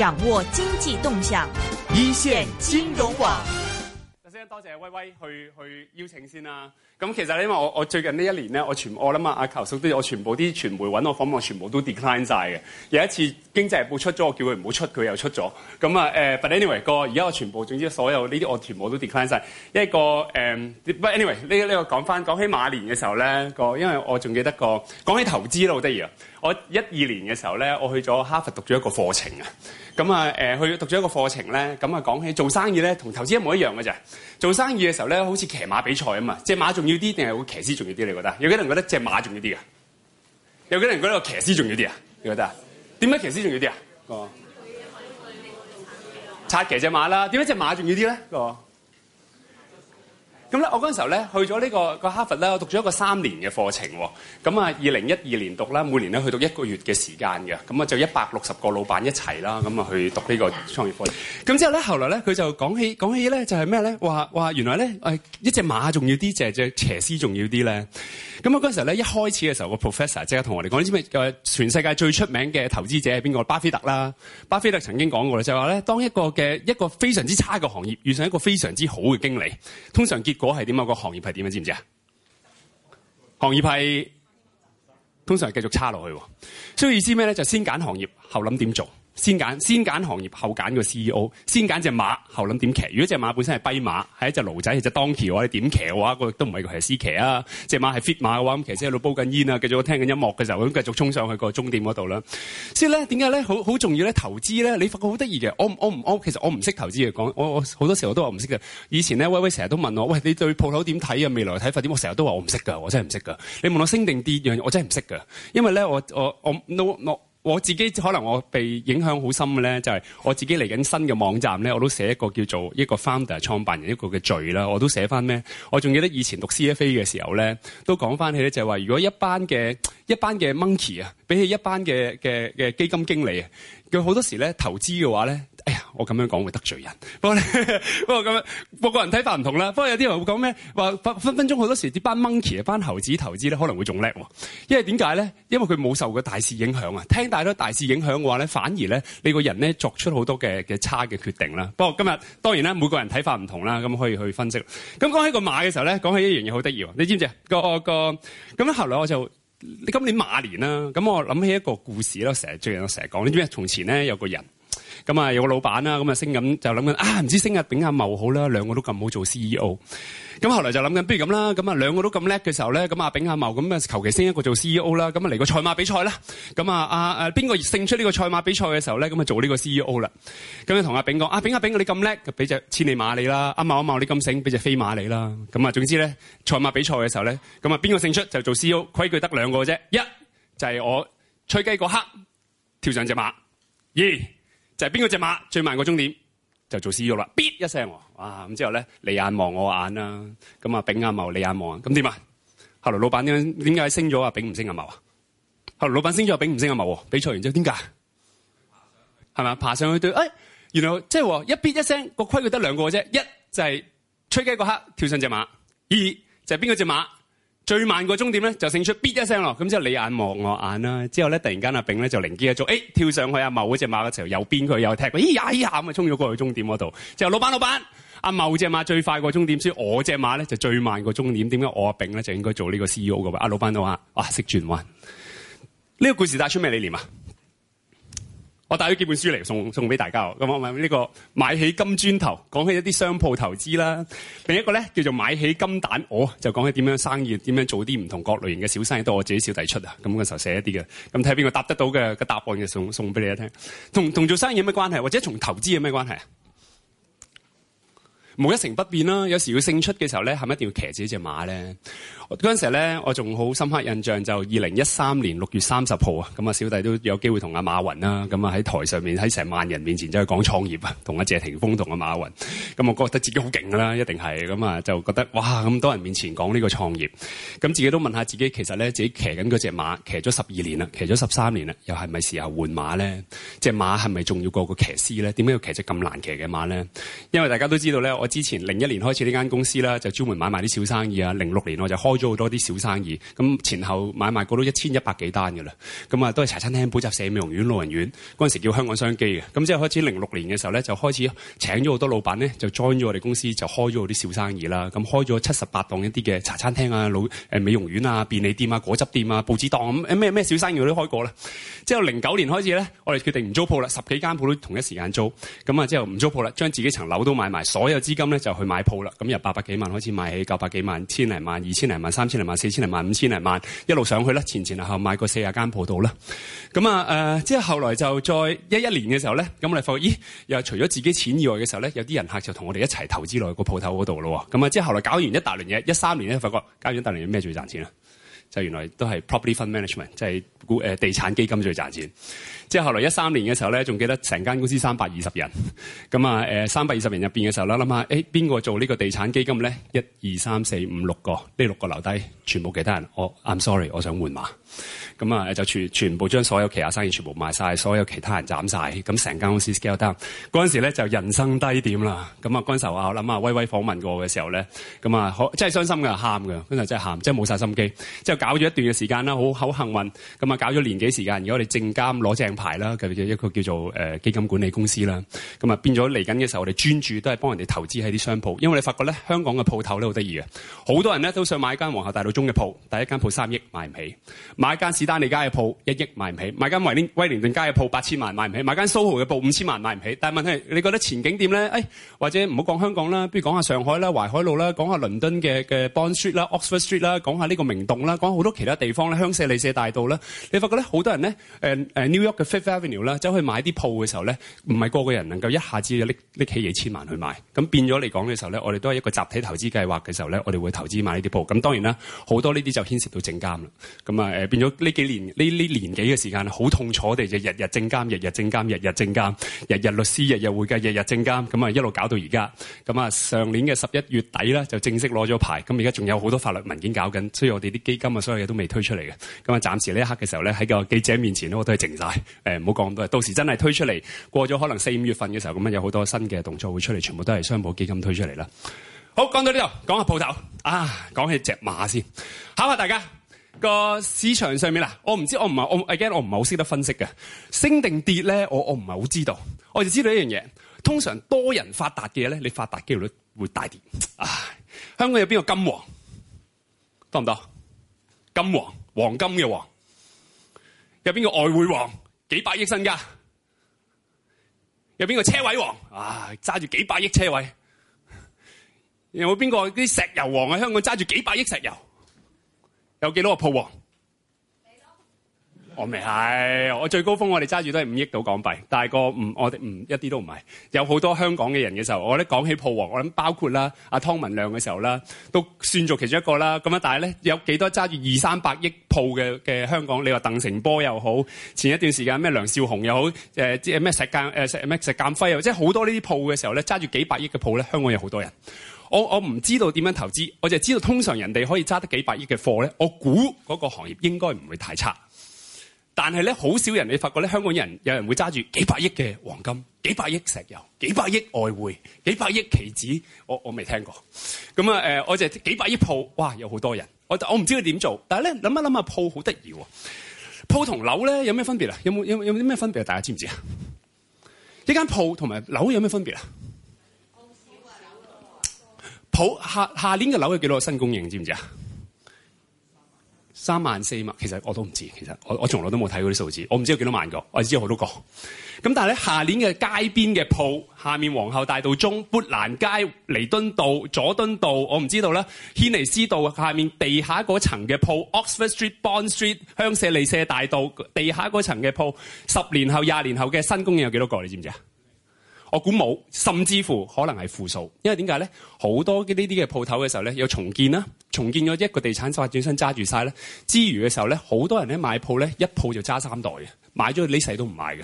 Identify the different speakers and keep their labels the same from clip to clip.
Speaker 1: 掌
Speaker 2: 握經濟動向，
Speaker 1: 一線金融網。首先多謝威威去去邀請先啦、啊。咁其實咧、啊 uh, anyway, um, anyway, 這個，因為我我最近呢一年咧，我全我諗啊，阿球叔都我全部啲傳媒揾我訪問，全部都 decline 晒嘅。有一次《經濟日報》出咗，我叫佢唔好出，佢又出咗。咁啊誒，but anyway 個而家我全部總之所有呢啲我全部都 decline 晒。一個誒，anyway 呢呢個講翻，講起馬年嘅時候咧個，因為我仲記得個講起投資都好得意啊！我一二年嘅時候咧，我去咗哈佛讀咗一個課程啊。咁、嗯、啊、呃，去讀咗一個課程咧，咁、嗯、啊講起做生意咧，同投資一模一樣嘅。咋做生意嘅時候咧，好似騎馬比賽吖嘛。隻馬重要啲定係會騎師重要啲？你覺得？有幾多人覺得隻馬重要啲啊？有幾人覺得個騎師重要啲啊？你覺得啊？點解騎師重要啲啊？哦。策騎隻馬啦，點解隻馬重要啲咧？啊咁咧，那我嗰陣時候咧，去咗呢個個哈佛咧，我讀咗一個三年嘅課程喎。咁啊，二零一二年讀啦，每年咧去到一個月嘅時間嘅。咁啊，就一百六十個老闆一齊啦，咁啊去讀呢個創業課程。咁之後咧，後來咧，佢就講起講起咧，就係咩咧？話話原來咧，誒一隻馬仲要啲，只隻騎師重要啲咧。咁啊，嗰陣時候咧，一開始嘅時候，個 professor 即刻同我哋講：你知唔知個全世界最出名嘅投資者係邊個？巴菲特啦，巴菲特曾經講過，就係話咧，當一個嘅一個非常之差嘅行業遇上一個非常之好嘅經理，通常結果係點樣，個行業係點樣，知唔知啊？行業係通常係繼續差落去，所以意思咩咧就是，先揀行業，後諗點做。先揀先揀行業，後揀個 CEO。先揀隻馬，後諗點騎。如果隻馬本身係跛馬，係一隻驢仔，其實 donkey 嘅話，你點騎嘅話，佢都唔係佢係私騎啊。隻馬係 fit 馬嘅話，咁其實喺度煲緊煙啊，繼續聽緊音樂嘅時候，咁繼續衝上去個終點嗰度啦。所以咧，點解咧，好好重要咧？投資咧，你發覺好得意嘅。我我唔我其實我唔識投資嘅。講我我好多時候都話唔識嘅。以前咧，威威成日都問我：喂，你對鋪頭點睇啊？未來睇法點？我成日都話我唔識㗎，我真係唔識㗎。你問我升定跌樣我真係唔識㗎。因為咧，我我我 no no, no。我自己可能我被影響好深嘅咧，就係、是、我自己嚟緊新嘅網站咧，我都寫一個叫做一個 founder 創辦人一個嘅罪啦，我都寫翻咩？我仲記得以前讀 CFA 嘅時候咧，都講翻起咧就係話，如果一班嘅一班嘅 monkey 啊，比起一班嘅嘅嘅基金經理啊，佢好多時咧投資嘅話咧。哎呀，我咁樣講會得罪人。不過咧， 不過咁樣，每個人睇法唔同啦。不過有啲人會講咩？話分分鐘好多時啲班 monkey 啊，班猴子投資咧，可能會仲叻。因為點解咧？因為佢冇受過大市影響啊。聽太多大市影響嘅話咧，反而咧你個人咧作出好多嘅嘅差嘅決定啦。不過今日當然啦，每個人睇法唔同啦，咁可以去分析。咁講起個馬嘅時候咧，講起一樣嘢好得意喎。你知唔知啊？個個咁後來我就今年馬年啦。咁我諗起一個故事咯，成日最近我成日講。你知唔知？從前咧有個人。咁啊、嗯，有個老闆啦，咁啊升緊，就諗緊啊，唔知升阿炳阿茂好啦，兩個都咁好做 CEO。咁、嗯、後來就諗緊，不如咁啦，咁、嗯、啊，兩個都咁叻嘅時候咧，咁、嗯、阿炳阿茂咁啊，求其升一個做 CEO 啦、嗯，咁啊嚟個賽馬比賽啦。咁、嗯、啊，阿誒邊個勝出呢個賽馬比賽嘅時候咧，咁、嗯嗯、啊做呢個 CEO 啦。咁啊同阿炳講，阿炳阿炳，你咁叻，俾隻千里馬你啦，阿茂阿茂，你咁醒，俾隻飛馬你啦。咁、嗯、啊，總之咧賽馬比賽嘅時候咧，咁啊邊個勝出就做 CEO。規矩得兩個啫，一就係、是、我吹雞嗰刻跳上隻馬，二。就係邊個隻馬最慢個終點，就做死肉啦！咇一聲，哇咁之後咧，你眼望我眼啦，咁啊，丙阿茂你眼望，咁點啊？後來老闆點點解升咗啊？丙唔升阿茂啊？後來老闆升咗，丙唔升阿茂，比賽完之後點解？係咪？爬上去對，哎，然後即係一咇一聲，個規矩得兩個喎啫，一就係吹雞嗰刻跳上隻馬，二就係邊個隻馬？最慢個終點咧，就勝出咇一聲咯，咁之後你眼望我眼啦，之後咧突然間阿炳咧就靈機一觸，誒、欸、跳上去阿茂嗰隻馬嘅時候，右邊佢又踢佢，咿、欸哎、呀咿呀咁啊衝咗過去終點嗰度，就老闆老闆，阿茂隻馬最快過終點，所以我隻馬咧就最慢過終點，點解我阿炳咧就應該做呢個 CEO 嘅？喂，阿老闆都話，哇、啊、識轉彎，呢、這個故事帶出咩理念啊？我帶咗幾本書嚟送送俾大家，咁啊、我問，呢個買起金磚頭講起一啲商鋪投資啦，另一個咧叫做買起金蛋，我就講起點樣生意，點樣做啲唔同各類型嘅小生意都我自己小弟出啊，咁嗰時候寫一啲嘅，咁睇下邊個答得到嘅個答案嘅送送俾你一聽，同同做生意有咩關係，或者從投資有咩關係啊？冇一成不變啦，有時要勝出嘅時候咧，係咪一定要騎自己隻馬咧？嗰陣時咧，我仲好深刻印象就二零一三年六月三十號啊，咁啊小弟都有機會同阿馬雲啦，咁啊喺台上面喺成萬人面前走去、就係、講創業啊，同阿謝霆鋒同阿馬雲，咁我覺得自己好勁㗎啦，一定係咁啊，就覺得哇咁多人面前講呢個創業，咁自己都問下自己，其實咧自己騎緊嗰隻馬，騎咗十二年啦，騎咗十三年啦，又係咪時候換馬咧？隻馬係咪重要過個騎師咧？點解要騎隻咁難騎嘅馬咧？因為大家都知道咧，我。之前零一年開始呢間公司啦，就專門買賣啲小生意啊。零六年我就開咗好多啲小生意，咁前後買賣過都一千一百幾單嘅啦。咁啊，都係茶餐廳、補習社、美容院、老人院，嗰陣時叫香港商機嘅。咁之後開始零六年嘅時候咧，就開始請咗好多老闆咧，就 join 咗我哋公司，就開咗好多啲小生意啦。咁開咗七十八檔一啲嘅茶餐廳啊、老誒美容院啊、便利店啊、果汁店啊、報紙檔，咁咩咩小生意我都開過啦。之後零九年開始咧，我哋決定唔租鋪啦，十幾間鋪都同一時間租。咁啊，之後唔租鋪啦，將自己層樓都買埋，所有，資金咧就去買鋪啦，咁由八百幾萬開始買起，九百幾萬、千零萬、二千零萬、三千零萬、四千零萬、五千零萬，一路上去啦，前前後後買過四十間鋪到啦。咁啊誒，即係後來就再一一年嘅時候咧，咁我哋發覺，咦，又除咗自己錢以外嘅時候咧，有啲人客就同我哋一齊投資落個鋪頭嗰度咯。咁啊，即係後來搞完一大輪嘢，一三年咧發覺，搞完一大輪嘢咩最賺錢啊？就原來都係 property fund management，即係股誒地產基金最賺錢。即係後來一三年嘅時候咧，仲記得成間公司三百二十人，咁啊誒三百二十人入面嘅時候咧，諗下誒邊個做呢個地產基金咧？一二三四五六個，呢六個留低，全部其他人，我、oh, I'm sorry，我想換話。咁啊就全全部將所有其他生意全部賣晒，所有其他人斬晒，咁成間公司 scale down。嗰陣時咧就人生低點啦。咁啊嗰陣時候我諗啊威威訪問過嘅時候咧，咁啊可真係傷心噶，喊噶，跟住真係喊，真係冇晒心機。之後搞咗一段嘅時間啦，好好幸運。咁啊搞咗年幾時間，而家我哋證監攞正牌啦，一個叫做誒、呃、基金管理公司啦。咁啊變咗嚟緊嘅時候，我哋專注都係幫人哋投資喺啲商鋪，因為你發覺咧香港嘅鋪頭咧好得意嘅，好多人咧都想買間皇后大道中嘅鋪，第一間鋪三億買唔起。買間史丹利街嘅鋪一億買唔起，買間威廉威廉頓街嘅鋪八千萬買唔起，買間 SOHO 嘅鋪五千萬買唔起。但係問題係，你覺得前景點咧？誒、哎，或者唔好講香港啦，不如講下上海啦、淮海路啦，講下倫敦嘅嘅 Bond Street 啦、Oxford Street 啦，講下呢個明洞啦，講好多其他地方咧、香榭麗舍大道啦。你發覺咧，好多人咧，誒、啊、誒、啊、New York 嘅 Fifth Avenue 啦，走去買啲鋪嘅時候咧，唔係個個人能夠一下子拎拎起幾千萬去買。咁變咗嚟講嘅時候咧，我哋都係一個集體投資計劃嘅時候咧，我哋會投資買呢啲鋪。咁當然啦，好多呢啲就牽涉到證監啦。咁啊、呃變咗呢幾年呢呢年幾嘅時間，好痛楚地就日日證監，日日證監，日日證監，日日律師，日日會計，日日證監，咁啊一路搞到而家。咁啊上年嘅十一月底咧，就正式攞咗牌。咁而家仲有好多法律文件搞緊，所以我哋啲基金啊，所有嘢都未推出嚟嘅。咁啊，暫時呢一刻嘅時候咧，喺個記者面前咧，我都係靜晒。誒、欸，唔好講咁多。到時真係推出嚟，過咗可能四五月份嘅時候咁樣，有好多新嘅動作會出嚟，全部都係商保基金推出嚟啦。好，講到呢度，講下鋪頭啊。講起隻馬先，考下大家。個市場上面嗱，我唔知，我唔係，我 again 我唔係好識得分析嘅，升定跌咧，我我唔係好知道，我就知道一樣嘢，通常多人發達嘅嘢咧，你發達機會率會大啲。唉，香港有邊個金王？多唔多？金王，黃金嘅王。有邊個外匯王？幾百億身家。有邊個車位王？啊，揸住幾百億車位。有冇邊個啲石油王？香港揸住幾百億石油。有幾多個鋪王？到我未係、哎、我最高峰我哋揸住都係五億到港幣，大個唔，我哋唔一啲都唔係。有好多香港嘅人嘅時候，我覺得講起鋪王，我諗包括啦，阿、啊、湯文亮嘅時候啦，都算做其中一個啦。咁啊，但係咧有幾多揸住二三百億鋪嘅嘅香港？你話鄧成波又好，前一段時間咩梁少雄又好，即係咩石鑑誒咩石鑑輝又好，即係好多呢啲鋪嘅時候咧揸住幾百億嘅鋪咧，香港有好多人。我我唔知道點樣投資，我就知道通常人哋可以揸得幾百億嘅貨咧。我估嗰個行業應該唔會太差，但係咧好少人你發覺咧，香港人有人會揸住幾百億嘅黃金、幾百億石油、幾百億外匯、幾百億期指，我我未聽過。咁啊、呃、我就幾幾百億鋪，哇，有好多人。我我唔知佢點做，但係咧諗一諗啊，鋪好得意喎。鋪同樓咧有咩分別啊？有冇有有啲咩分別啊？大家知唔知啊？一間鋪同埋樓有咩分別啊？好下下年嘅樓有幾多個新供應？知唔知啊？三萬四萬，其實我都唔知。其實我我從來都冇睇過啲數字，我唔知有幾多萬個。我知有好多個。咁但係咧，下年嘅街邊嘅鋪，下面皇后大道中、砵蘭街、彌敦道、佐敦道，我唔知道咧。軒尼斯道下面地下嗰層嘅鋪，Oxford Street、Bond Street、香榭麗舍大道地下嗰層嘅鋪，十年後、廿年後嘅新供應有幾多個？你知唔知啊？我估冇，甚至乎可能係負數，因為點解咧？好多呢啲嘅鋪頭嘅時候咧，有重建啦，重建咗一個地產發展商揸住晒咧。之餘嘅時候咧，好多人咧買鋪咧，一鋪就揸三代嘅，買咗呢世都唔賣嘅。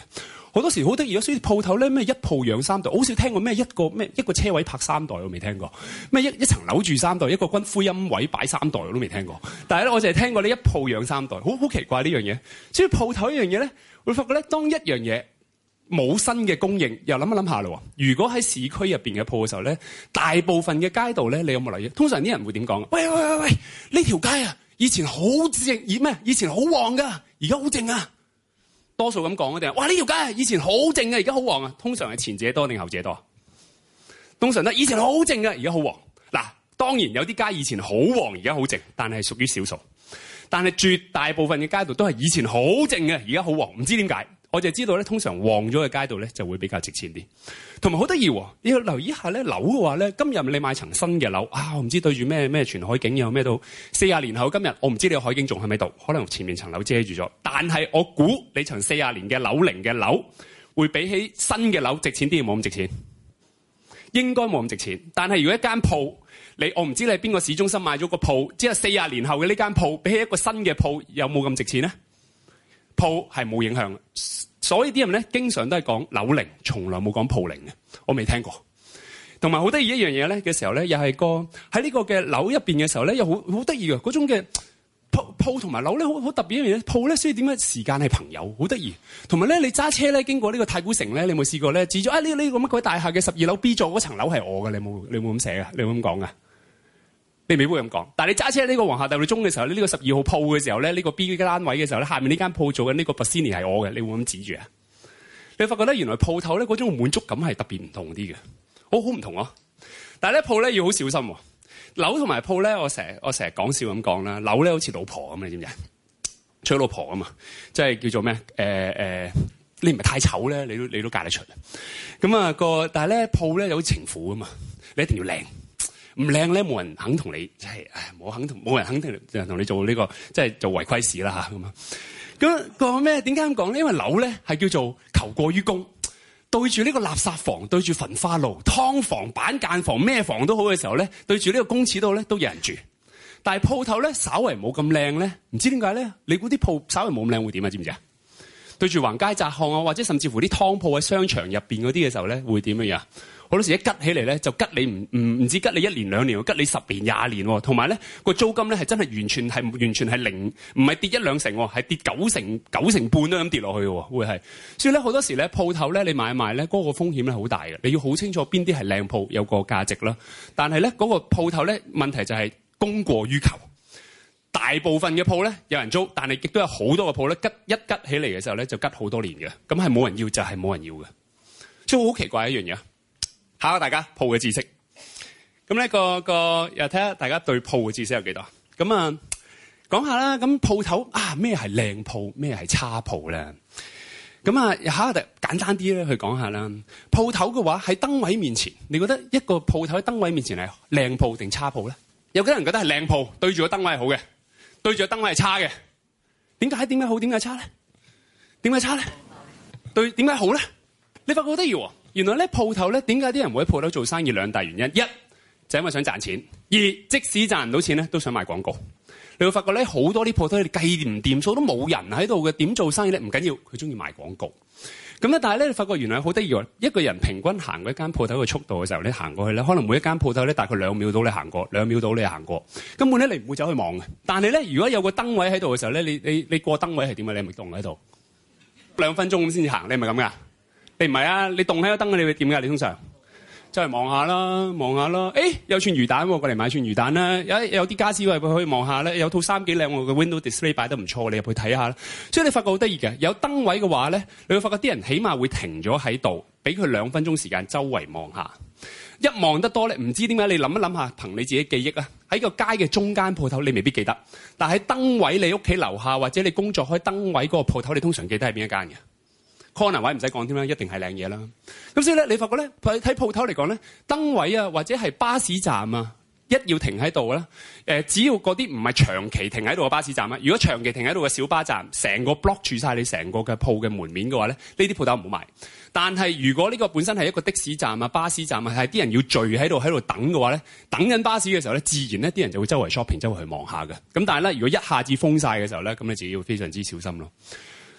Speaker 1: 好多時好得意，所以鋪頭咧咩一鋪養三代，好少聽過咩一個咩一個車位泊三代，我未聽過咩一一層樓住三代，一個軍灰音位擺三代我都未聽過。但係咧，我淨係聽過呢一鋪養三代，好好奇怪呢樣嘢。所以鋪頭呢樣嘢咧，會發覺咧，當一樣嘢。冇新嘅供應，又諗一諗下嘞。如果喺市區入邊嘅鋪嘅時候咧，大部分嘅街道咧，你有冇留意？通常啲人會點講啊？喂喂喂喂，呢條街啊，以前好靜以咩？以前好旺噶，而家好靜啊。多數咁講一定哇！呢條街以前好靜啊，而家好旺啊。通常係前者多定後者多？通常咧，以前好靜嘅，而家好旺。嗱，當然有啲街以前好旺，而家好靜，但係屬於少數。但係絕大部分嘅街道都係以前好靜嘅，而家好旺，唔知點解。我就知道咧，通常旺咗嘅街道咧就會比較值錢啲。同埋好得意，你要留意一下咧，樓嘅話咧，今日你買層新嘅樓啊，我唔知對住咩咩全海景有，又咩到四十年後今日，我唔知你海景仲喺咪度，可能前面層樓遮住咗。但係我估你層四十年嘅樓齡嘅樓，會比起新嘅樓值錢啲，冇咁值錢。應該冇咁值錢。但係如果一間鋪，你我唔知你喺邊個市中心買咗個鋪，即係四十年後嘅呢間鋪，比起一個新嘅鋪，有冇咁值錢咧？鋪係冇影響，所以啲人咧經常都係講樓齡，從來冇講鋪齡嘅，我未聽過。同埋好得意一樣嘢咧嘅時候咧，又係個喺呢個嘅樓入邊嘅時候咧，又好好得意嘅嗰種嘅鋪鋪同埋樓咧，好好特別一樣嘢，鋪咧所以點解時間係朋友，好得意。同埋咧你揸車咧經過呢個太古城咧，你有冇試過咧指咗啊呢呢個乜鬼大廈嘅十二樓 B 座嗰層樓係我嘅，你冇你冇咁寫嘅，你冇咁講嘅。你未必會咁講，但係你揸車喺呢、這個皇后大道中嘅時候，呢、這、呢個十二號鋪嘅時候咧，呢、這個 B 單位嘅時候咧，下面呢間鋪做緊呢、這個 Bossini 係我嘅，你會唔會咁指住啊？你發覺咧，原來鋪頭咧嗰種滿足感係特別唔同啲嘅，好好唔同啊！但係咧鋪咧要好小心喎、啊。樓同埋鋪咧，我成我成日講笑咁講啦。樓咧好似老婆咁，你知唔知娶老婆啊嘛，即係叫做咩？誒、呃、誒、呃，你唔係太醜咧，你都你都嫁得出啊！咁、那、啊個，但係咧鋪咧有啲情婦啊嘛，你一定要靚。唔靚咧，冇人肯同你即係，冇肯冇人肯定同你做呢個即係做違規事啦吓咁啊！咁講咩？點解咁講咧？因為樓咧係叫做求過於供，對住呢個垃圾房、對住焚化爐，劏房、板間房、咩房都好嘅時候咧，對住呢個公廁度咧都有人住。但係鋪頭咧稍為冇咁靚咧，唔知點解咧？你估啲鋪稍為冇咁靚會點啊？知唔知啊？對住橫街窄巷啊，或者甚至乎啲湯鋪喺商場入邊嗰啲嘅時候咧，會點樣樣？好多時一吉起嚟咧，就吉你唔唔唔止吉你一年兩年，吉你十年廿年喎，同埋咧個租金咧係真係完全係完全係零，唔係跌一兩成喎，係跌九成九成半都咁跌落去嘅喎，會係。所以咧好多時咧鋪頭咧你買賣咧嗰個風險咧好大嘅，你要好清楚邊啲係靚鋪有個價值啦。但係咧嗰個鋪頭咧問題就係供過於求，大部分嘅鋪咧有人租，但係亦都有好多個鋪咧吉一吉起嚟嘅時候咧就吉好多年嘅，咁係冇人要就係、是、冇人要嘅。所以好奇怪一樣嘢。考下大家鋪嘅知識，咁呢個個又睇下大家對鋪嘅知識有幾多？咁啊講下啦，咁鋪頭啊咩係靚鋪咩係差鋪咧？咁啊吓，簡單啲咧去講下啦。鋪頭嘅話喺燈位面前，你覺得一個鋪頭喺燈位面前係靚鋪定差鋪咧？有幾多人覺得係靚鋪？對住個燈位係好嘅，對住個燈位係差嘅。點解？點解好？點解差咧？點解差咧？對點解好咧？你發覺好得意喎！原來咧，鋪頭咧，點解啲人會喺鋪頭做生意？兩大原因，一就因為想賺錢；二即使賺唔到錢咧，都想賣廣告。你會發覺咧，好多啲鋪頭，你計唔掂數都冇人喺度嘅，點做生意咧？唔緊要，佢中意賣廣告。咁咧，但係咧，你發覺原來好得意喎！一個人平均行過一間鋪頭嘅速度嘅時候，你行過去咧，可能每一間鋪頭咧，大概兩秒到你行過，兩秒到你行過。根本咧，你唔會走去望嘅。但係咧，如果有個燈位喺度嘅時候咧，你你你過燈位係點啊？你咪動喺度兩分鐘先至行，你咪咁噶。你唔係啊！你棟喺個燈，你會點㗎？你通常周圍望下啦，望下啦。誒、欸，有串魚蛋喎、啊，過嚟買串魚蛋啦、啊。有有啲家私我哋可以望下咧。有，看看有套衫幾靚喎，個 Window Display 擺得唔錯，你入去睇下啦。所以你發覺好得意嘅，有燈位嘅話咧，你會發覺啲人起碼會停咗喺度，俾佢兩分鐘時間周圍望下。一望得多咧，唔知點解你諗一諗下，憑你自己記憶啊，喺個街嘅中間鋪頭你未必記得，但係燈位你屋企樓下或者你工作開燈位嗰個鋪頭，你通常記得係邊一間嘅？corner 位唔使講添啦，一定係靚嘢啦。咁所以咧，你發覺咧，睇鋪頭嚟講咧，燈位啊，或者係巴士站啊，一要停喺度啦。誒，只要嗰啲唔係長期停喺度嘅巴士站啊，如果長期停喺度嘅小巴站，成個 block 住晒你成個嘅鋪嘅門面嘅話咧，呢啲鋪頭唔好賣。但係如果呢個本身係一個的士站啊、巴士站啊，係啲人要聚喺度、喺度等嘅話咧，等緊巴士嘅時候咧，自然咧啲人就會周圍 shopping、周圍去望下嘅。咁但係咧，如果一下子封晒嘅時候咧，咁你自己要非常之小心咯。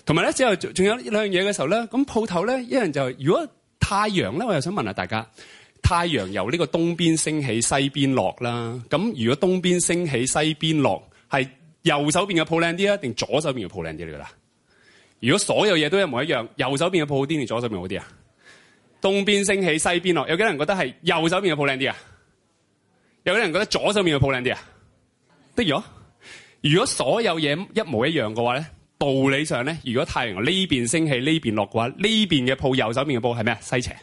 Speaker 1: 同埋咧，之後仲有一兩樣嘢嘅時候咧，咁鋪頭咧，一樣就係如果太陽咧，我又想問下大家，太陽由呢個東邊升起西邊落啦。咁如果東邊升起西邊落，係右手邊嘅鋪靚啲啊，定左手邊嘅鋪靚啲嚟噶啦？如果所有嘢都一模一樣，右手邊嘅鋪好啲定左手邊好啲啊？東邊升起西邊落，有幾人覺得係右手邊嘅鋪靚啲啊？有幾人覺得左手邊嘅鋪靚啲啊？的如如果所有嘢一模一樣嘅話咧？道理上咧，如果太陽呢邊升起，呢邊落嘅話，呢邊嘅鋪右手邊嘅鋪係咩啊？西斜。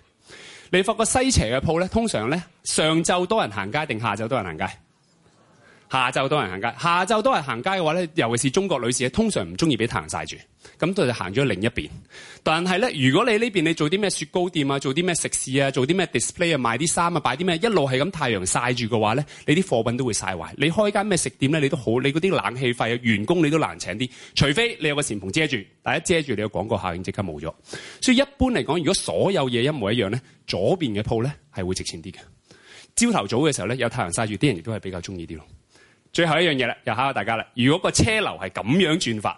Speaker 1: 你發覺西斜嘅鋪咧，通常咧，上晝多人行街定下晝多人行街？下晝多人行街，下晝多人行街嘅話咧，尤其是中國女士，通常唔中意俾太陽曬住，咁佢就行咗另一邊。但係咧，如果你呢邊你做啲咩雪糕店啊，做啲咩食肆啊，做啲咩 display 啊，賣啲衫啊，擺啲咩，一路係咁太陽曬住嘅話咧，你啲貨品都會曬壞。你開間咩食店咧，你都好，你嗰啲冷氣費、啊、員工你都難請啲，除非你有個簾篷遮住，大家遮住你廣下，你嘅廣告效應即刻冇咗。所以一般嚟講，如果所有嘢一模一樣咧，左邊嘅鋪咧係會值錢啲嘅。朝頭早嘅時候咧，有太陽曬住，啲人亦都係比較中意啲咯。最後一樣嘢啦，又考下大家啦。如果個車流係咁樣轉法，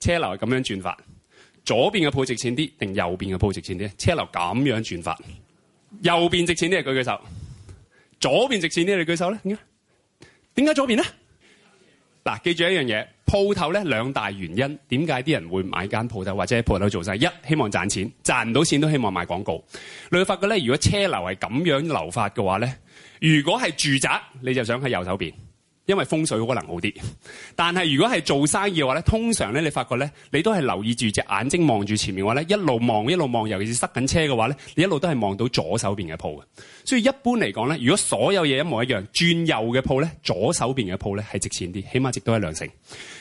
Speaker 1: 車流係咁樣轉法，左邊嘅鋪值錢啲，定右邊嘅鋪值錢啲啊？車流咁樣轉法，右邊值錢啲，舉舉手；左邊值錢啲，你舉手咧？點解點解左邊咧？嗱、啊，記住一樣嘢，鋪頭咧兩大原因，點解啲人會買間鋪頭或者喺鋪頭做晒？一希望賺錢，賺唔到錢都希望賣廣告。你會發覺咧，如果車流係咁樣流法嘅話咧，如果係住宅，你就想喺右手邊。因為風水可能好啲，但係如果係做生意嘅話咧，通常咧你發覺咧，你都係留意住隻眼睛望住前面嘅話咧，一路望一路望，尤其是塞緊車嘅話咧，你一路都係望到左手邊嘅鋪嘅。所以一般嚟講咧，如果所有嘢一模一樣，轉右嘅鋪咧，左手邊嘅鋪咧係值錢啲，起碼值到一兩成。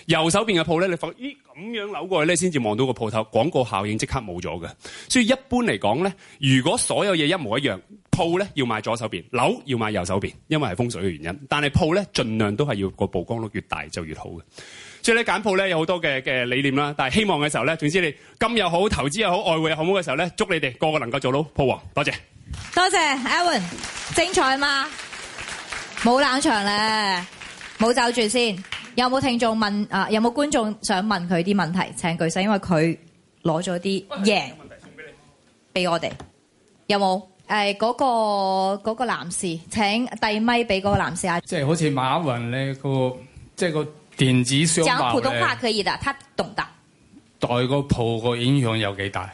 Speaker 1: 右手邊嘅鋪咧，你發覺咦咁樣扭過去咧，先至望到個鋪頭，廣告效應即刻冇咗嘅。所以一般嚟講咧，如果所有嘢一模一樣。鋪咧要買左手邊，樓要買右手邊，因為係風水嘅原因。但係鋪咧，盡量都係要個曝光率越大就越好嘅。所以咧揀鋪咧有好多嘅嘅理念啦。但係希望嘅時候咧，總之你金又好，投資又好，外匯又好嘅時候咧，祝你哋個個能夠做到鋪王。多謝，
Speaker 2: 多謝 Elwin，精彩嘛，冇冷場咧，冇走住先。有冇聽眾問啊？有冇觀眾想問佢啲問題？請舉手，因為佢攞咗啲嘢，俾我哋，有冇？誒、哎那個、那個男士，請遞咪俾個男士啊！
Speaker 1: 即係好似馬雲咧、那個即係、那個電子商。講普通話
Speaker 2: 可以的，他懂得。
Speaker 1: 代個鋪個影響有幾大？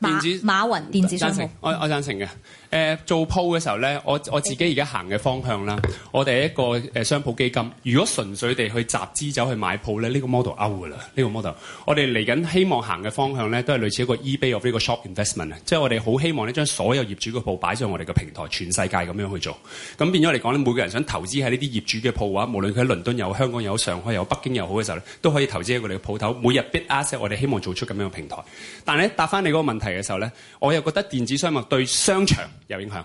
Speaker 2: 電子馬雲電子商城，
Speaker 1: 我我贊成嘅、呃。做鋪嘅時候咧，我我自己而家行嘅方向啦，我哋一個、呃、商鋪基金。如果純粹地去集資走去買鋪咧，呢、這個 model out 㗎啦，呢、這個 model。我哋嚟緊希望行嘅方向咧，都係類似一個 eBay of 呢個 shop investment 啊，即係我哋好希望呢，將所有業主嘅鋪擺上我哋嘅平台，全世界咁樣去做。咁變咗嚟講每個人想投資喺呢啲業主嘅鋪嘅話，無論佢喺倫敦又好、香港又好、上海又好、北京又好嘅時候咧，都可以投資喺我哋嘅鋪頭。每日 bit us，我哋希望做出咁樣嘅平台。但係咧，答翻你個問題。嘅時候咧，我又覺得電子商務對商場有影響。誒、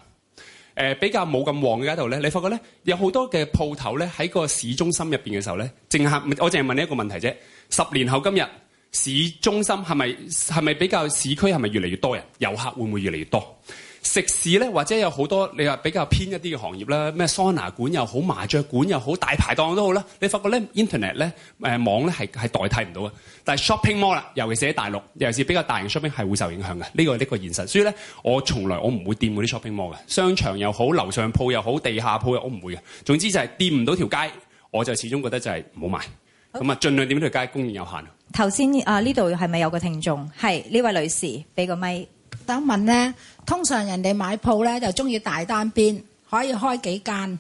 Speaker 1: 呃，比較冇咁旺嘅一度咧，你發覺咧有好多嘅鋪頭咧喺個市中心入邊嘅時候咧，靜下。我淨係問你一個問題啫。十年後今日市中心係咪係咪比較市區係咪越嚟越多人？遊客會唔會越嚟越多？食肆咧，或者有好多你話比較偏一啲嘅行業啦，咩桑拿館又好，麻雀館又好，大排檔都好啦。你發覺咧，internet 咧，誒網咧係係代替唔到嘅。但係 shopping mall 啦，尤其是喺大陸，尤其是比較大型 shopping 係會受影響嘅。呢個係呢個現實。所以咧，我從來我唔會掂嗰啲 shopping mall 嘅，商場又好，樓上鋪又好，地下鋪又好，我唔會嘅。總之就係掂唔到條街，我就始終覺得就係唔好賣。咁啊，儘量點條街供應有限。頭
Speaker 2: 先啊，呢度係咪有個聽眾？係呢位女士，俾個咪。想問呢，通常人哋買鋪呢就中意大單邊，可以開幾間，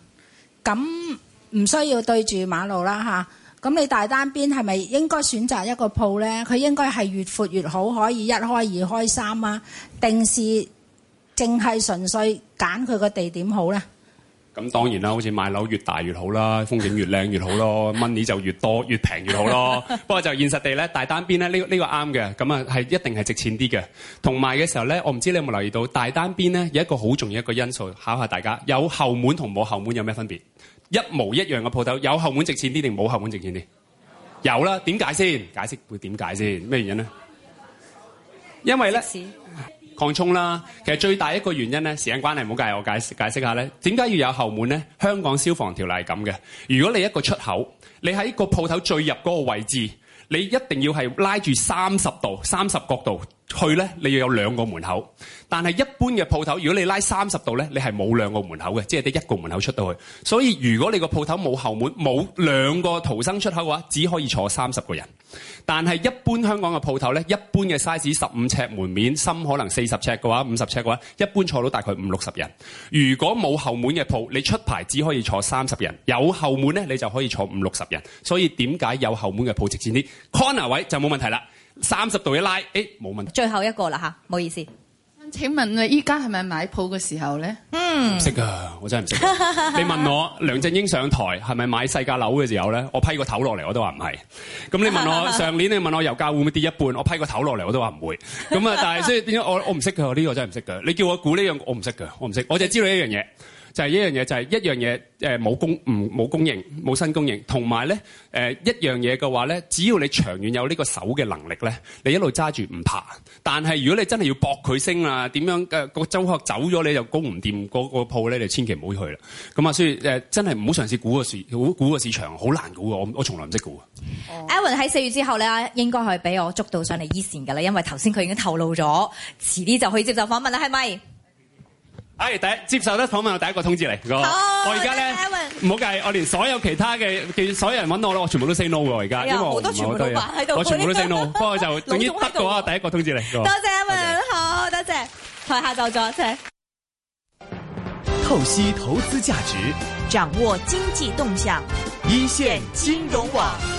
Speaker 2: 咁唔需要對住馬路啦吓。咁你大單邊係咪應該選擇一個鋪呢？佢應該係越闊越好，可以一開二開三啊，定是淨係純粹揀佢個地點好呢？
Speaker 1: 咁當然啦，好似買樓越大越好啦，風景越靚越好咯，money 就越多越平越好咯。不過就現實地咧，大單邊咧呢呢個啱嘅，咁啊係一定係值錢啲嘅。同埋嘅時候咧，我唔知你有冇留意到，大單邊咧有一個好重要一個因素，考下大家，有後門同冇後門有咩分別？一模一樣嘅鋪頭，有後門值錢啲定冇後門值錢啲？有啦，點解先？解釋會點解先？咩原因咧？因為咧。擴充啦，其實最大一個原因咧，時間關係唔好介意，我解解釋下咧，點解要有後門咧？香港消防條例係咁嘅，如果你一個出口，你喺個鋪頭最入嗰個位置，你一定要係拉住三十度、三十角度。去呢，你要有兩個門口。但係一般嘅鋪頭，如果你拉三十度呢，你係冇兩個門口嘅，即係得一個門口出到去。所以如果你個鋪頭冇後門，冇兩個逃生出口嘅話，只可以坐三十個人。但係一般香港嘅鋪頭呢，一般嘅 size 十五尺門面，深可能四十尺嘅話，五十尺嘅話，一般坐到大概五六十人。如果冇後門嘅鋪，你出牌只可以坐三十人；有後門呢，你就可以坐五六十人。所以點解有後門嘅鋪值錢啲？Corner 位就冇問題啦。三十度一拉，哎、欸，冇問題。
Speaker 2: 最後一個啦吓，唔好意思，請問你依家係咪買鋪嘅時候咧？唔識噶，
Speaker 1: 我真係唔識。 你問我梁振英上台係咪買細價樓嘅時候咧？我批個頭落嚟，我都話唔係。咁你問我 上年你問我油價會唔會跌一半，我批個頭落嚟，我都話唔會。咁啊，但係所以點解我我唔識佢？呢、這個真係唔識噶。你叫我估呢樣，我唔識噶，我唔識。我就知道一樣嘢。 就係一樣嘢，就係一樣嘢，呃，冇供，唔冇供應，冇新供應。同埋咧，一樣嘢嘅話咧，只要你長遠有呢個手嘅能力咧，你一路揸住唔怕。但係如果你真係要搏佢升啦，點樣嘅個周學走咗你就供唔掂嗰個鋪咧，你千祈唔好去啦。咁啊，所以、呃、真係唔好嘗試估個市，估估個市場好難估。我我從來唔識估。
Speaker 2: Alan 喺四月之後咧，應該係俾我捉到上嚟依線嘅啦，因為頭先佢已經透露咗，遲啲就去接受訪問啦，係咪？
Speaker 1: 哎，第一，接受得訪問，我第一個通知嚟。好，我而家咧，唔好計，我連所有其他嘅，見所有人搵我咧，我全部都 say no 喎，而家因為我全部都還喺度，我全部都 say no，不過就終於得個第一個通知嚟個。多謝阿
Speaker 2: 雲，好，多謝台下就坐，請
Speaker 1: 透析投資價值，
Speaker 2: 掌握經濟動向，一線金融網。